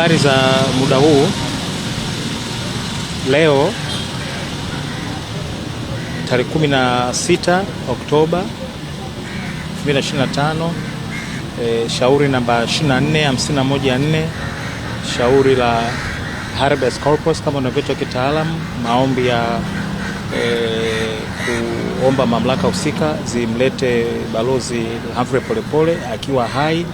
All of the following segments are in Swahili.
Habari za muda huu. Leo tarehe 16 Oktoba 2025, e, shauri namba 24514 shauri la habeas corpus kama unavyoitwa kitaalamu, maombi ya e, kuomba mamlaka husika zimlete Balozi Humphrey Polepole akiwa hai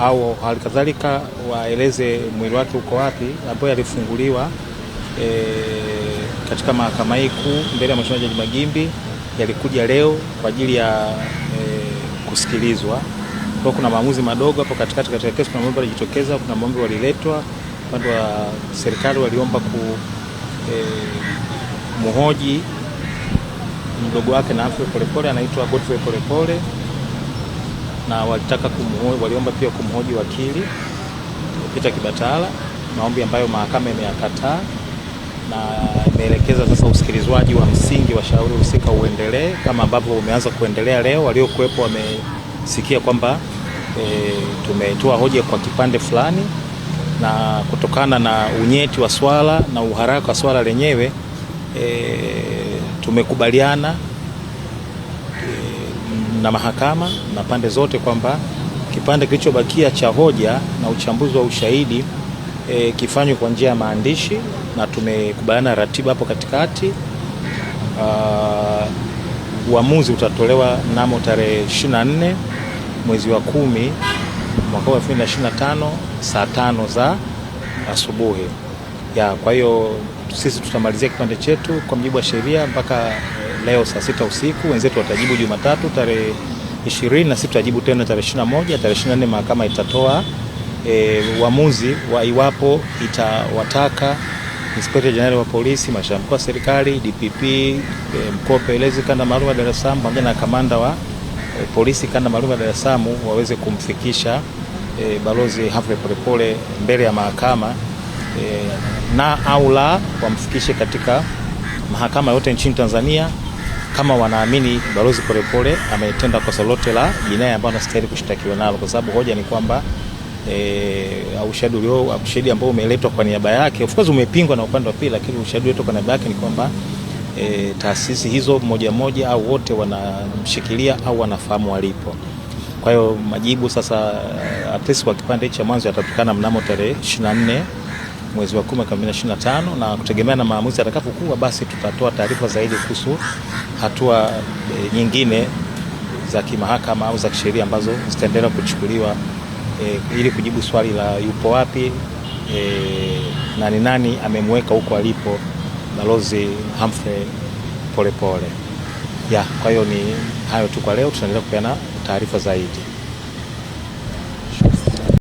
au halikadhalika waeleze mwili wake uko wapi, ambayo yalifunguliwa e, katika mahakama hii kuu mbele ya Mheshimiwa Jaji Magimbi yalikuja leo kwa ajili ya e, kusikilizwa. Kwa kuna maamuzi madogo hapo katikati katika kesi, kuna mambo yalijitokeza, kuna mambo waliletwa upande wa serikali, waliomba ku e, muhoji mdogo wake na Afwe Polepole, anaitwa Godfrey Polepole na walitaka kumhoji, waliomba pia kumhoji wakili pita Kibatala, maombi ambayo mahakama imeyakataa na imeelekeza sasa usikilizwaji wa msingi wa shauri husika uendelee kama ambavyo umeanza kuendelea leo. Waliokuwepo wamesikia kwamba e, tumetoa hoja kwa kipande fulani, na kutokana na unyeti wa swala na uharaka wa swala lenyewe e, tumekubaliana na mahakama na pande zote kwamba kipande kilichobakia cha hoja na uchambuzi wa ushahidi e, kifanywe kwa njia ya maandishi, na tumekubaliana ratiba hapo katikati. Uh, uamuzi utatolewa mnamo tarehe 24 mwezi wa kumi mwaka wa 2025 saa tano za asubuhi ya. Kwa hiyo sisi tutamalizia kipande chetu kwa mujibu wa sheria mpaka e, leo saa sita usiku, wenzetu watajibu Jumatatu tarehe ishirini na sisi tutajibu tena tarehe ishirini na moja tarehe ishirini na nne mahakama itatoa e, uamuzi wa iwapo itawataka Inspekta Jenerali wa Polisi, Mashauri Mkuu wa Serikali, DPP, e, mkuu wa upelelezi kanda maalum ya Dar es Salaam pamoja na kamanda wa e, polisi kanda maalum ya Dar es Salaam waweze kumfikisha e, Balozi Humphrey Polepole mbele ya mahakama e, na au la wamfikishe katika mahakama yote nchini Tanzania kama wanaamini Balozi Polepole ametenda kosa lote la jinai ambayo anastahili kushtakiwa nalo, kwa sababu hoja ni kwamba E, ushahidi ulio ushahidi ambao umeletwa kwa niaba yake of course umepingwa na upande wa pili, lakini ushahidi wetu kwa niaba yake ni kwamba e, taasisi hizo moja moja au wote wanamshikilia au wanafahamu walipo. Kwa hiyo majibu sasa, at least kwa kipande cha mwanzo yatapatikana mnamo tarehe 24 mwezi wa 10 2025, na kutegemea na maamuzi atakapokuwa, basi tutatoa taarifa zaidi kuhusu hatua e, nyingine za kimahakama au za kisheria ambazo zitaendelea kuchukuliwa e, ili kujibu swali la yupo wapi e, ni nani amemweka huko alipo Balozi Humphrey Polepole. Ya, kwa hiyo ni hayo tu kwa leo, tutaendelea kupeana taarifa zaidi.